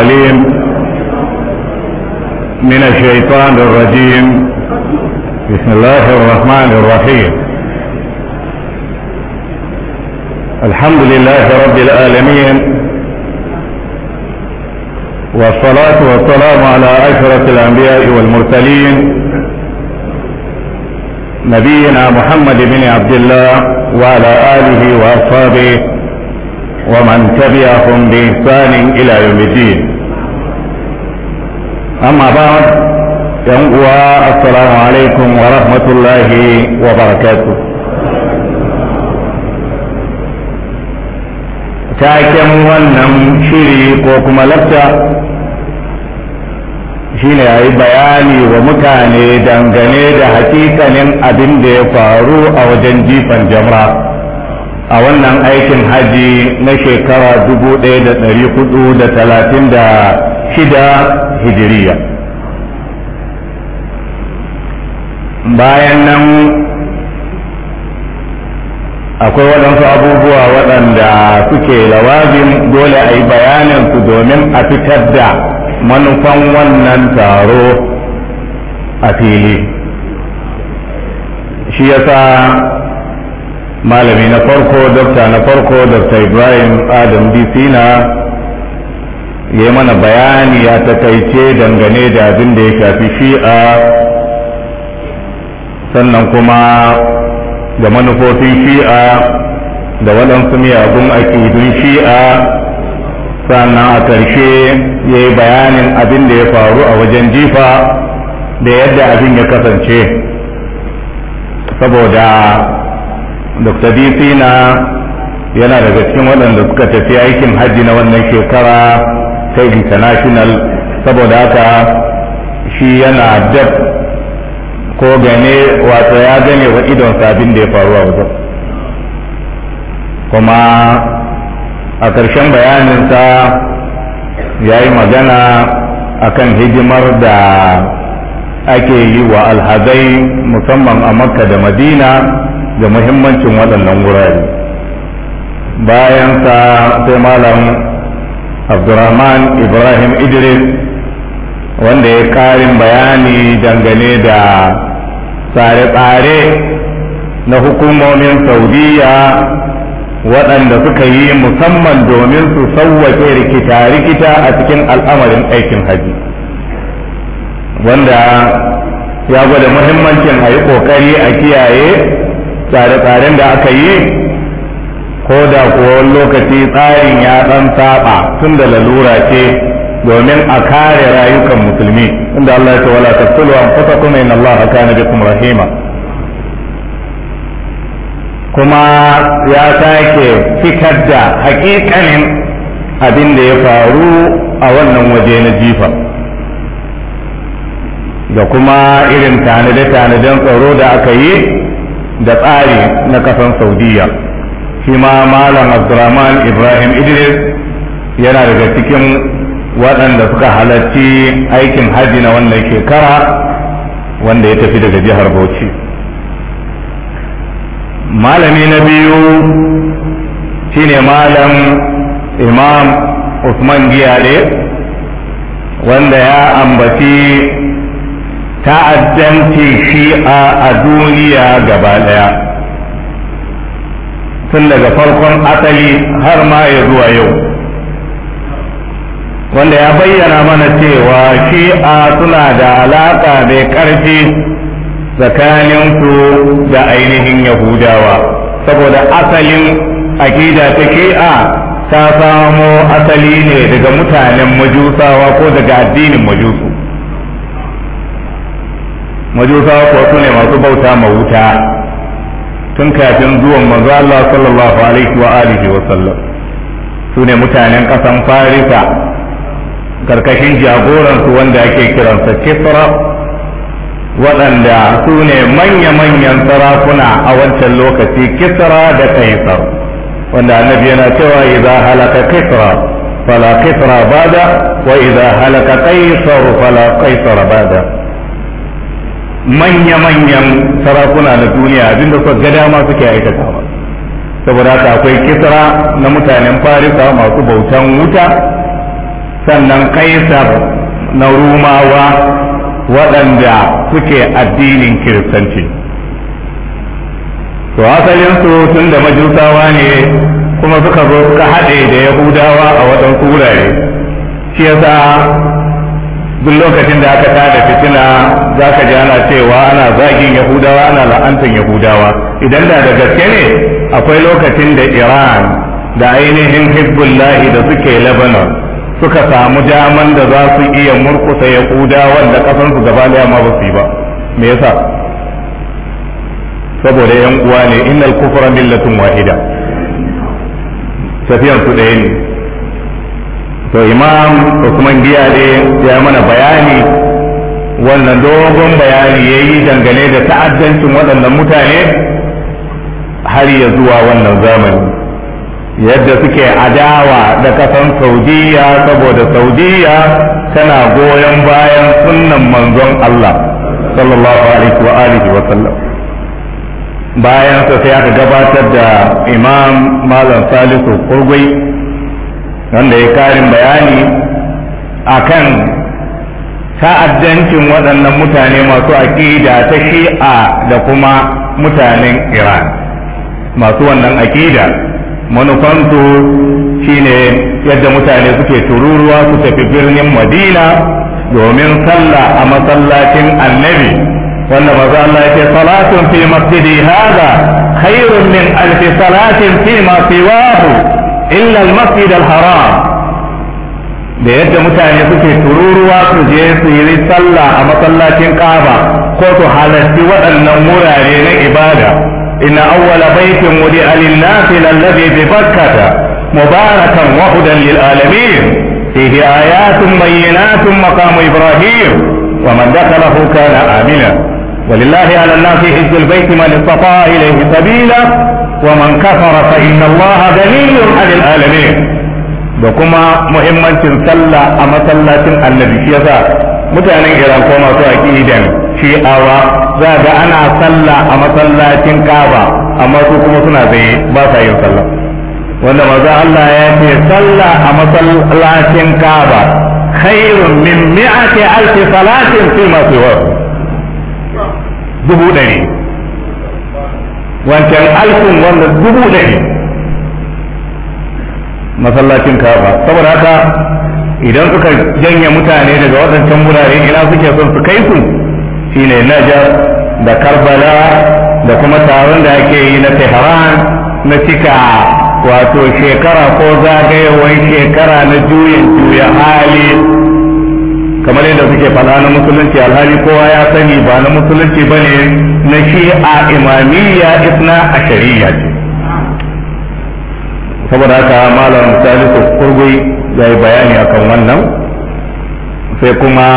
العليم من الشيطان الرجيم بسم الله الرحمن الرحيم الحمد لله رب العالمين والصلاة والسلام على أشرف الأنبياء والمرسلين نبينا محمد بن عبد الله وعلى آله وأصحابه ومن تبعهم بإحسان إلى يوم الدين أما بعد ينقوى السلام عليكم ورحمة الله وبركاته taken wannan shiri ko kuma lafta shine ya yi bayani wa mutane dangane da hakikanin abin da ya faru a wajen jifan jama'a a wannan aikin haji na shekara dubu ɗaya da da da ɗari talatin shida hijiriya bayan nan akwai waɗansu abubuwa waɗanda suke lawajin dole a yi bayaninsu domin a fitar da manufan wannan taro a fili shi yasa malami na farko dokta na farko dokta ibrahim adam bisina ya mana bayani ya takaice dangane da abin da ya shafi shi'a sannan kuma da manufofin shi'a da waɗansu miyagun akidun shi'a sannan a ƙarshe ya yi bayanin abin da ya faru a wajen jifa da yadda abin ya kasance saboda dr na yana daga cikin waɗanda suka tafi aikin hajji na wannan shekara ta international saboda haka shi yana dab ko gane wato ya gane wa idon sabin da ya faru a wajen kuma a ƙarshen bayaninsa ya yi magana a kan hijimar da ake yi wa alhazai musamman a makka da madina da muhimmancin waɗannan wurare bayan sa sai malam abdurrahman ibrahim idris wanda ya karin bayani dangane da tsare-tsare na hukumomin saudiya waɗanda suka yi musamman domin su sauwake rikita-rikita a cikin al'amarin aikin haji wanda ya gwada muhimmancin a yi ƙoƙari a kiyaye tsare-tsaren da aka yi ko da kuwa lokaci tsarin ya ɗan saba tun da lalura ce domin a kare rayukan musulmi inda Allah ya ce wala taqtulu anfusakum inna Allah kana bikum rahima kuma ya sake fitar da hakikanin abin da ya faru a wannan waje na jifa da kuma irin tanade-tanaden tsaro da aka yi da tsari na kasan saudiya shi ma malam abdurrahman ibrahim idris yana daga cikin waɗanda suka halarci aikin haji na wannan shekara wanda ya tafi daga jihar bauchi malami na biyu shine malam imam usman giyare wanda ya ambaci ta'addanci shi'a a duniya gaba ɗaya, tun daga farkon asali har ma ya zuwa yau wanda ya bayyana mana cewa shi'a suna da alaƙa mai ƙarfi tsakaninsu da ainihin yahudawa saboda asalin aƙida ta A ta samo asali ne daga mutanen majusawa ko daga addinin majusu majusawa kuwa su ne masu bauta ma wuta tun kafin zuwan manzo Allah sallallahu alaihi wa alihi wa sallam su ne mutanen kasan farisa karkashin jagoransu wanda ake kiransa kisra waɗanda su ne manya-manyan sarakuna a wancan lokaci kisra da kaisar wanda annabi yana cewa idza halaka kisra fala kisra bada wa idza halaka kaisar fala kaisar bada manya-manyan sarakuna na duniya abinda suka ga dama suke aikatawa saboda haka akwai kisra na mutanen farisa masu bautan wuta sannan kaisar na rumawa waɗanda suke addinin kiristanci to asalinsu tun da majusawa ne kuma suka zo suka haɗe da yahudawa a waɗansu wurare shi yasa duk lokacin da aka tada fitina za ka ji ana cewa ana zagin yahudawa ana la'antar yahudawa idan da da gaske ne akwai lokacin da iran da ainihin hezbollah da suke lebanon suka samu daman da za su iya murkusa yahudawan da kasansu gaba daya yamma ba su yi ba me yasa saboda yan uwa ne innal kufra millatun wahida tafiyan su ɗaya ne to imam usman giya ne ya mana bayani wannan dogon bayani ya yi dangane da ta'addancin waɗannan mutane har ya zuwa wannan zamani yadda suke adawa da kasan saudiya saboda saudiya tana goyon bayan sunnan manzon allah sallallahu alaihi wa alihi wa sallam bayan sai aka gabatar da imam malam salisu kurgui wanda ya karin bayani a kan ta'addancin waɗannan mutane masu aƙida ta shi'a da kuma mutanen iran masu wannan aƙida manufansu shine yadda mutane suke tururuwa su tafi birnin madina domin sallah a masallacin annabi wanda maza Allah ya ce salatun fi masjidi hada khairun min alfi salatin fi ma wahu illa al-masjid al-haram da yadda mutane suke tururuwa su je su yi sallah a masallacin Kaaba ko su halarci waɗannan wurare na ibada inna awwala baitin wudi lin-nasi alladhi bi Bakkah mubarakan wa hudan lil-alamin fihi ayatun bayyinatun maqamu Ibrahim wa man dakhalahu kana amina ولله على الناس حج البيت من استطاع إليه سبيلا ومن كفر فإن الله غني عن العالمين da kuma muhimmancin sallah a masallacin annabi shi mutanen iran masu aqidan shi'awa za ga ana sallah a masallacin kaba amma su kuma suna zaye ba yin sallah wanda maza Allah ya ce sallah a masallacin kaba khairun min mi'ati alfi dubu wancan alfin wanda dubu ne masallacin kafa saboda haka idan suka janye mutane daga waɗancan wurare ina suke son su kai su shine najar da karbala da kuma taron da ake yi na tehran na cika wato shekara ko zagayewar shekara na juyin juya hali kamar yadda suke faɗa na musulunci alhali kowa ya sani ba na musulunci ba ne na shi'a imamiyya isna shari'a ce saboda haka malam salisu kurgui ya yi bayani akan wannan sai kuma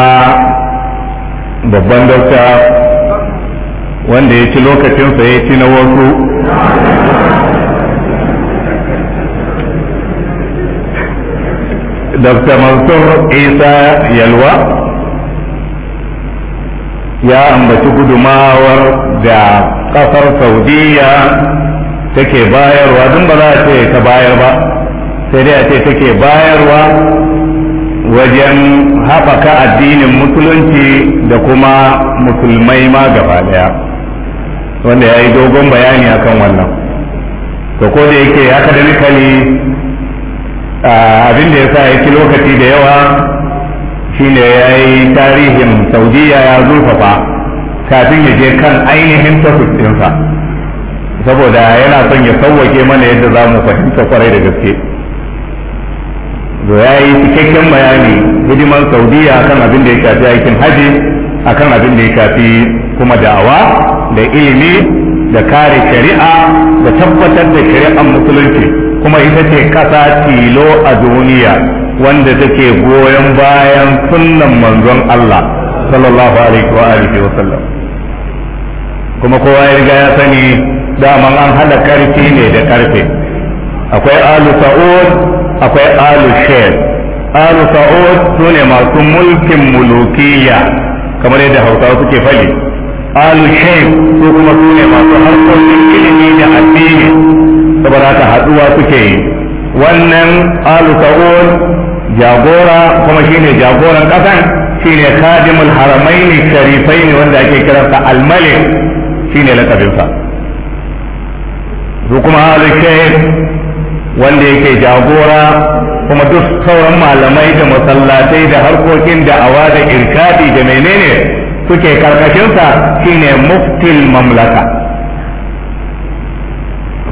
babban dokta wanda ya ci lokacinsa ya ci na wasu dr mansur isa yalwa ya ambaci gudumawar da kasar saudiya take bayarwa don ba za a ce ta bayar ba sai dai a ce take bayarwa wajen haɓaka addinin musulunci da kuma musulmai ma gaba daya wanda ya yi dogon bayani akan wannan to ko da yake haka kada nikali abin ya sa yake lokaci da yawa shine ya yi tarihin saudiya ya zurfafa kafin ya je kan ainihin tafis ɗinsa saboda yana son ya sauwake mana yadda za mu fahimta kwarai da gaske ya yi cikakken bayani hidimar saudiya kan abin da ya shafi aikin haji akan abin da ya shafi kuma da'awa da ilimi da kare shari'a da tabbatar da shari'ar musulunci kuma ita ce kasa tilo a duniya wanda take goyon bayan sunnan manzon Allah sallallahu alaihi wa alihi wa sallam kuma kowa ya riga ya sani daman an hada karfi ne da karfe akwai alu sa'ud akwai alu shayd alu sa'ud sune masu mulkin mulukiya kamar yadda hausawa suke fali alu shayd su kuma sune masu harkokin ilimi da addini saboda haka haduwa suke yi wannan alu sa'ud jagora kuma shine jagoran kasan shine khadimul haramaini sharifaini wanda ake kiransa al-malik shine lakabinsa su kuma al-shaykh wanda yake jagora kuma duk sauran malamai da masallatai da harkokin da awa da irkadi da menene suke karkashinsa shine muftil mamlaka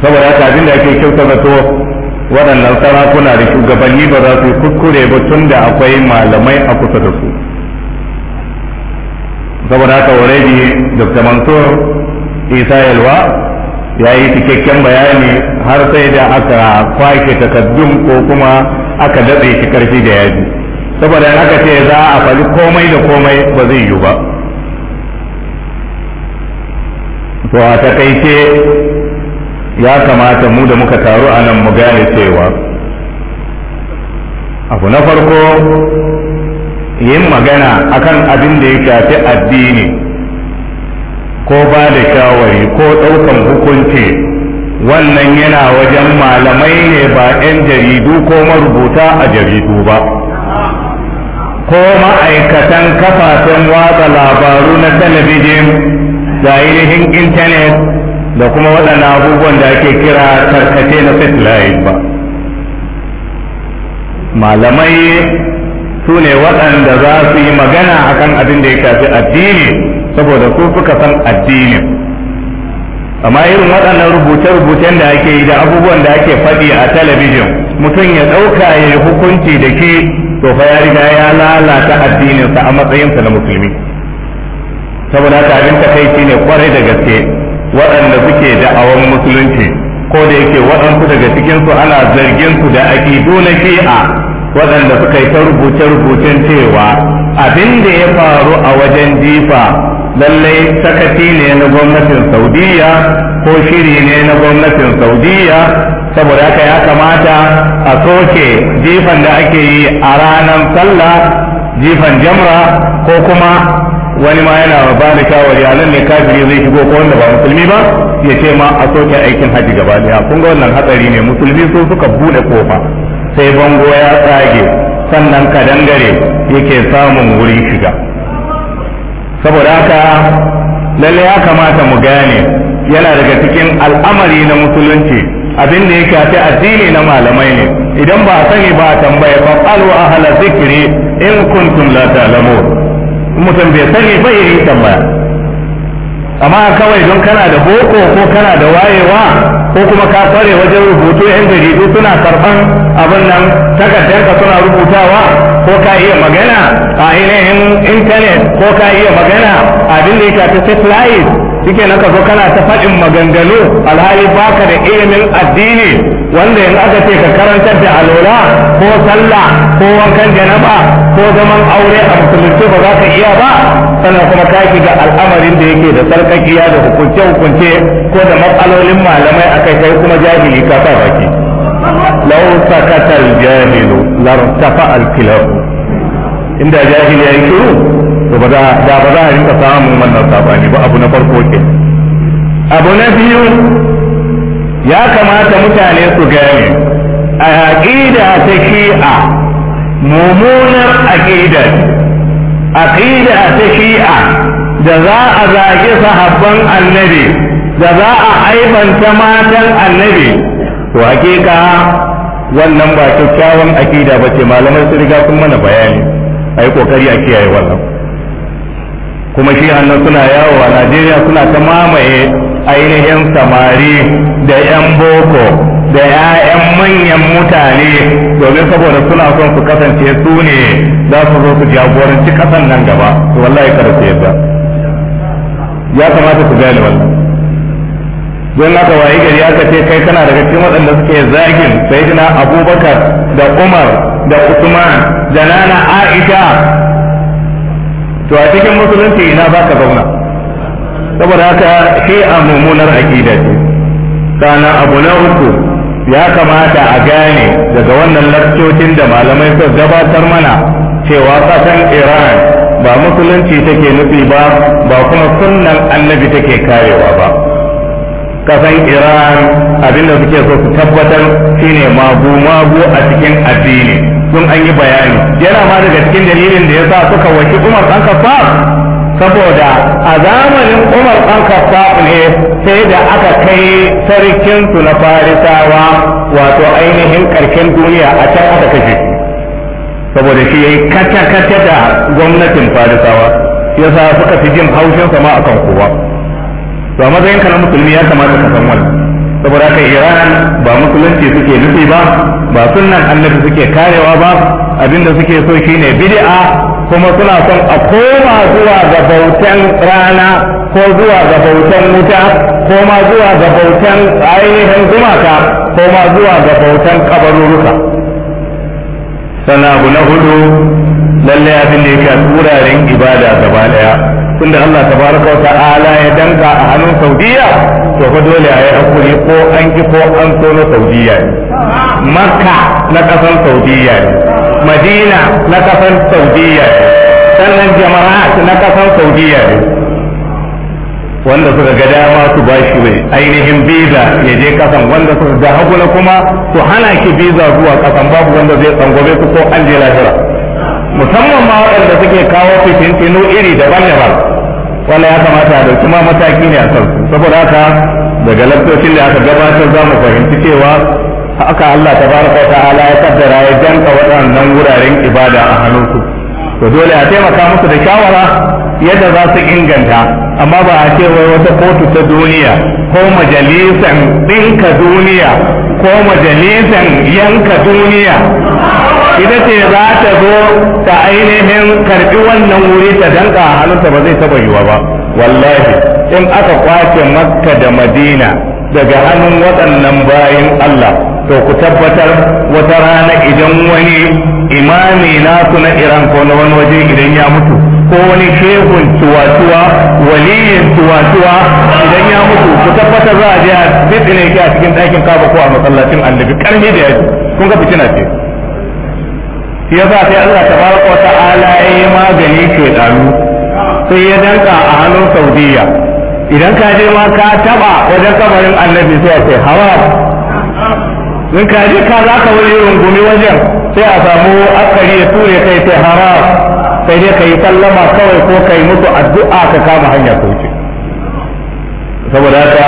saboda haka abin da ake kyauta zato waɗannan sarakuna da shugabanni ba za su kuskure ba tun da akwai malamai a kusa da su saboda haka already dr mansur isa yalwa ya yi cikakken bayani har sai da aka kwake takaddun ko kuma aka datse shi karfi da yaji saboda haka ce za a faɗi komai da komai ba zai yiwu ba to a takaice ya kamata mu da muka taru a nan mu gane cewa abu na farko yin magana akan abin da ya shafi addini ko ba da shawari ko ɗaukan hukunci wannan yana wajen malamai ne ba 'yan jaridu ko marubuta a jaridu ba ko ma'aikatan kafafen watsa labaru na talabijin da ainihin intanet da kuma waɗannan abubuwan da ake kira tarkace na satellite ba malamai su ne waɗanda za su yi magana a kan abin da ya shafi addini saboda su suka san addini amma irin waɗannan rubuce-rubucen da ake yi da abubuwan da ake faɗi a talabijin mutum ya ɗauka ya yi hukunci da ke to fa ya riga ya lalata addininsa a matsayinsa na musulmi saboda ta abin takaici ne kwarai da gaske waɗanda suke da'awan musulunci ko da yake waɗansu daga cikinsu ana zargin su da ake na shi'a waɗanda suka yi ta rubuce-rubucen cewa abin da ya faru a wajen jifa lallai sakaci ne na gwamnatin saudiya ko shiri ne na gwamnatin saudiya saboda haka ya kamata a soke jifan da ake yi a ranar sallah jifan jamra ko kuma wani ma yana ba da shawari a nan ne kafiri zai shigo ko wanda ba musulmi ba ya ce ma a soke aikin hajji gaba daya kun ga wannan hatsari ne musulmi su suka bude kofa sai bango ya tsage sannan kadangare yake samun wuri shiga saboda haka lalle ya kamata mu gane yana daga cikin al'amari na musulunci abin da ya shafi addini na malamai ne idan ba a sani ba a tambaya fa qalu ahla zikri in kuntum la ta'lamun mutum bai sani ba ya yi tambaya amma kawai don kana da boko ko kana da wayewa ko kuma ka kware wajen rubutu yan jaridu suna karban abin nan takardarka suna rubutawa ko ka iya magana a ainihin intanet ko ka iya magana abin da ya shafi satellite shike nan ka zo kana ta faɗin maganganu alhali baka da ilimin addini wanda yanzu aka ce ka karanta da alola ko sallah ko wankan janaba ko zaman aure a musulunci ba za ka iya ba sannan kuma ka ga al'amarin da yake da sarkakiya da hukunce hukunce ko da matsalolin malamai akai kai kuma jahili ka sa baki law sakata al-jahilu lartafa al-kilab inda jahili yayi shiru to ba da ba za a rinka samun wannan sabani ba abu na farko ke abu na biyu ya kamata mutane su gane a aƙida ta shi'a mummunar aƙida aƙida ta shi'a da za a zagi sahabban annabi da za a aibanta matan annabi to hakika wannan ba kyakkyawan aƙida ba ce su riga sun mana bayani a yi ƙoƙari a kiyaye wannan kuma shi annan suna yawo a najeriya suna ta mamaye ainihin samari da 'yan boko da 'ya'yan manyan mutane domin saboda suna son su kasance su ne za su zo su jagoranci kasan nan gaba to wallahi kada su yadda ya kamata su gane wannan don haka waye gari aka ce kai kana daga cikin waɗanda suke zagin sayyidina abubakar da umar da usman da nana aisha to a cikin musulunci ina za ka zauna saboda haka shi a mummunar aƙida ce sana abu na uku ya kamata a gane daga wannan lakcocin da malamai suka gabatar mana cewa kasan iran ba musulunci take nufi ba ba kuma sunnan annabi take karewa ba kasan iran abinda suke so su tabbatar shine magu magu a cikin addini sun an yi bayani yana ma daga cikin dalilin da ya sa suka waki umar ɗan kafa. saboda a zamanin umar ɗan khattab ne sai da aka kai sarkinsu na farisawa wato ainihin ƙarshen duniya a can aka kashe saboda shi ya yi kata da gwamnatin farisawa ya sa suka fi jin haushin sama kan kowa to a matsayin ka na musulmi ya kamata ka san wannan saboda haka iran ba musulunci suke nufi ba ba sunan annabi suke karewa ba abinda suke so shine bid'a kuma suna son a koma zuwa ga bautan rana ko zuwa ga bautan wuta ko ma zuwa ga bautan ainihin gumaka ko ma zuwa ga bautan kabaruruka sana abu na hudu lallai abin da yake turaren ibada gaba daya tunda Allah tabaraka wa ta'ala ya danka a hannun Saudiya to fa dole a yi hakuri ko an ki ko an so na Saudiya ne Makka na kasan Saudiya ne Madina na kasan Saudiya ne sannan jama'at na kasan Saudiya ne wanda suka ga dama su ba shi mai ainihin biza ya je kasan wanda suka ga hagula kuma su hana ki biza zuwa kasan babu wanda zai tsangwame su ko an je lahira musamman ma waɗanda suke kawo fitintinu iri daban-daban wala ya kamata da kuma mataki ne a kan saboda haka daga lantocin da aka gabatar za mu fahimci cewa haka Allah ta tabaraka ta'ala ya kaddara ya janka waɗannan wuraren ibada a hannunsu to dole a taimaka musu da shawara yadda za su inganta amma ba a ce wai wata kotu ta duniya ko majalisan ɗinka duniya ko majalisan yanka duniya ita ce za ta zo ta ainihin karbi wannan wuri ta danka a hannunta ba zai taba yiwa ba wallahi in aka kwace makka da madina daga hannun waɗannan bayan allah to ku tabbatar wata rana idan wani imami nasu na iran ko na wani waje idan ya mutu ko wani shehun tuwatuwa waliyin tuwatuwa idan ya mutu ku tabbatar za a je a bitsine ki a cikin ɗakin kaba ko a masallacin annabi karni da yaji kun ga fitina ce ya sa sai Allah tabaraka wa ta'ala ya yi magani shedanu sai ya danka a hannun Saudiya idan ka je ma ka taba wajen kabarin annabi sai sai hawa in ka je ka za ka wani rungumi wajen sai a samu akari ya ture kai sai haram sai dai ka yi sallama kawai ko ka yi musu addu'a ka kama hanya ka wuce saboda haka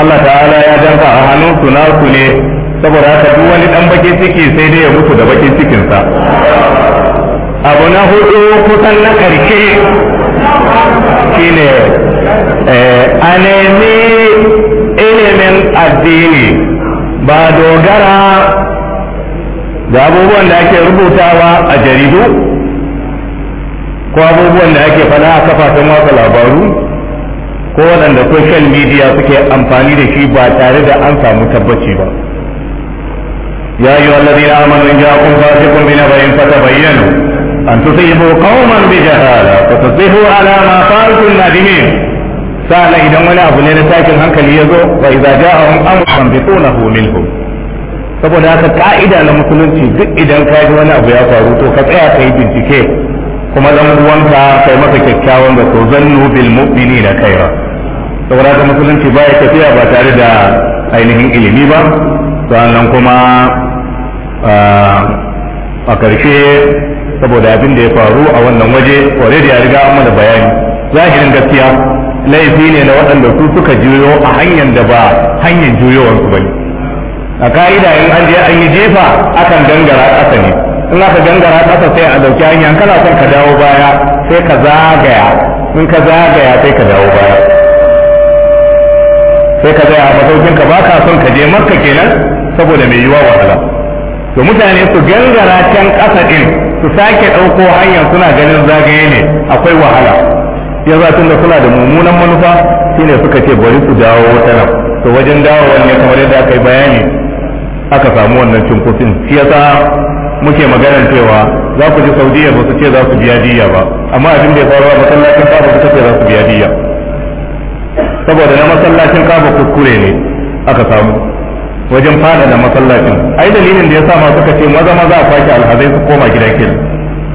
Allah ta'ala ya danka a hannun su ne saboda haka duk wani dan bakin ciki sai dai ya mutu da bakin cikinsa abu na hudu kusan na karshe shine eh, a nemi ilimin addini ba dogara da abubuwan da ake rubutawa a jaridu ko abubuwan da ake fada a kafafen watsa labaru ko waɗanda social media suke amfani da shi ba tare da an samu tabbaci ba يا أيها الذين آمنوا إن جاءكم فاسق بنبأ فتبينوا أن تصيبوا قوما بجهالة فتصبحوا على ما فعلتم نادمين سأل إذا ولا أبو لنا ساكن هنك ليزو وإذا جاءهم أمر فانبطونه منهم saboda haka ka'ida na musulunci duk idan ka yi wani abu ya faru to ka tsaya ka yi bincike kuma dan uwanka kai masa kyakkyawan da to zannu bil mu'minina khaira saboda haka musulunci baya tafiya ba tare da ainihin ilimi ba sannan kuma Ah, a karshe saboda abin da ya faru a wannan waje already ya riga an mana bayani zahirin gaskiya laifi ne na waɗanda su suka juyo a hanyar da ba hanyar juyowarsu ba ne a ka'ida in an je an yi jefa akan gangara ƙasa ne in aka gangara ƙasa sai a ɗauki hanya kana son ka dawo baya sai ka zagaya in ka zagaya sai ka dawo baya sai ka zaya a masaukin ka ba ka son ka je makka kenan saboda mai yiwa wahala to mutane su gangara can ƙasa ɗin su sake ɗauko hanyar suna ganin zagaye ne akwai wahala ya za tun da suna da mummunan manufa shine suka ce bari su dawo wata nan to wajen dawo wannan kamar yadda aka yi bayani aka samu wannan cinkusin shi yasa muke maganar cewa za ku ji saudiya ba su ce za su biya diya ba amma abin da ya faru a masallacin kafa su ce za su biya diya saboda na masallacin kafa kuskure ne aka samu wajen fada da masallacin ai dalilin da ya sa masu suka ce maza maza a kwashe alhazai su koma gida ke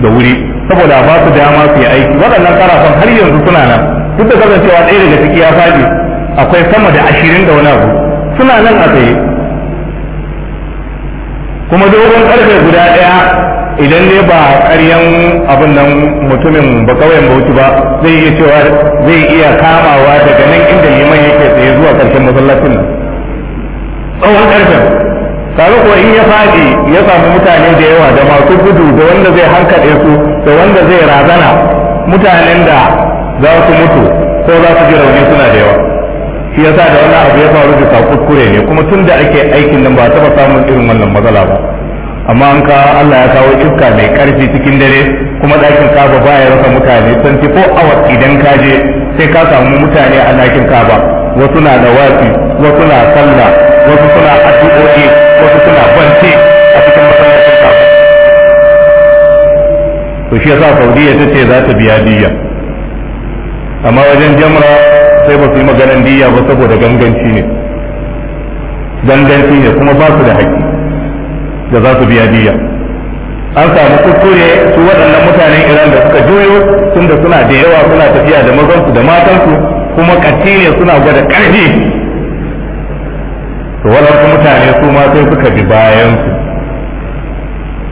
da wuri saboda ba su dama su yi aiki waɗannan karafan har yanzu suna nan duk da kasancewa ɗaya daga ciki ya faɗi akwai sama da ashirin da wani abu suna nan a tsaye kuma dogon ƙarfe guda ɗaya idan ne ba ƙaryan abin nan mutumin ba kawai bauchi ba zai iya cewa zai iya kamawa daga nan inda liman yake tsaye zuwa ƙarshen masallacin nan tsawon ƙarfen kaga ko in ya faɗi ya samu mutane da yawa da masu gudu da wanda zai hankali su da wanda zai razana mutanen da za su mutu ko za su ji rauni suna da yawa shi yasa da wannan abu ya faru bisa kuskure ne kuma tun da ake aikin nan ba a taɓa samun irin wannan matsala ba amma an ka Allah ya kawo iska mai karfi cikin dare kuma ɗakin kaba baya ya rasa mutane ko awa idan ka je sai ka samu mutane a ɗakin kaba wasu na da wasu na sallah wasu suna addu'o'i wasu suna banci a cikin masallacin kafa to shi yasa saudiya ta ce za ta biya diya amma wajen jamra sai ba su yi maganan diya ba saboda ganganci ne ganganci ne kuma ba su da haƙƙi da za su biya diya an samu kuskure su waɗannan mutanen iran da suka juyo tunda suna da yawa suna tafiya da mazansu da matansu kuma ne suna gwada ƙarfi to mutane su ma sai suka bi bayan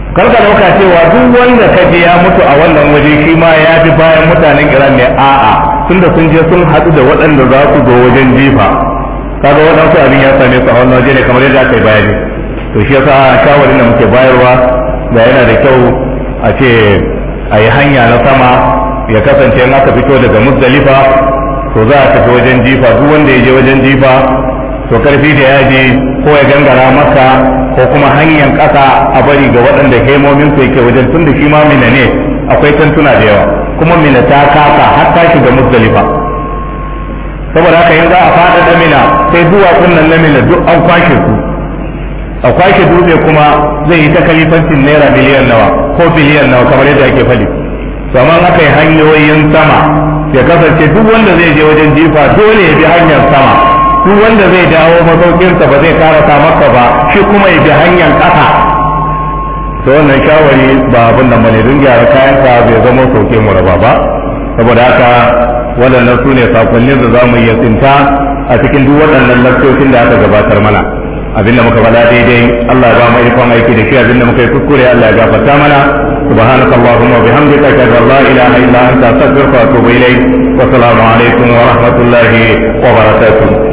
su karka dauka cewa duk wanda ka ya mutu a wannan waje shi ma ya bi bayan mutanen iran ne a'a da sun je sun haɗu da waɗanda za su zo wajen jifa kaga waɗansu abin ya same su a wannan waje ne kamar yadda aka yi bayani to shi yasa shawarin da muke bayarwa da yana da kyau a ce a yi hanya na sama ya kasance in aka fito daga muzdalifa to za a tafi wajen jifa duk wanda ya je wajen jifa to karfi da je ko ya gangara maka ko kuma hanyar kasa a bari ga waɗanda hemomin su yake wajen tun da shi ma mina ne akwai tantuna da yawa kuma mina ta kasa har ta shiga muzdalifa saboda haka yanzu a faɗaɗa mina sai zuwa kunnan na mina duk an kwashe su a kwashe dutse kuma zai yi ta kalifancin naira miliyan nawa ko biliyan nawa kamar yadda ake fali to amma aka yi hanyoyin sama ya kasance duk wanda zai je wajen jifa dole ya bi hanyar sama duk wanda zai dawo mazaukinsa ba zai karasa maka ba shi kuma ya bi hanyar ƙasa to wannan shawari ba abin da bane dun gyara kayanka bai zama soke mu raba ba saboda haka waɗannan su ne sakonnin da za mu iya tsinta a cikin duk waɗannan lantocin da aka gabatar mana abinda muka bala daidai Allah ya ba mu ikon aiki da shi abinda muka yi kuskure Allah ya gafarta mana سبحانك اللهم وبحمدك اشهد ان لا اله الا انت استغفرك واتوب اليك والسلام عليكم ورحمه الله وبركاته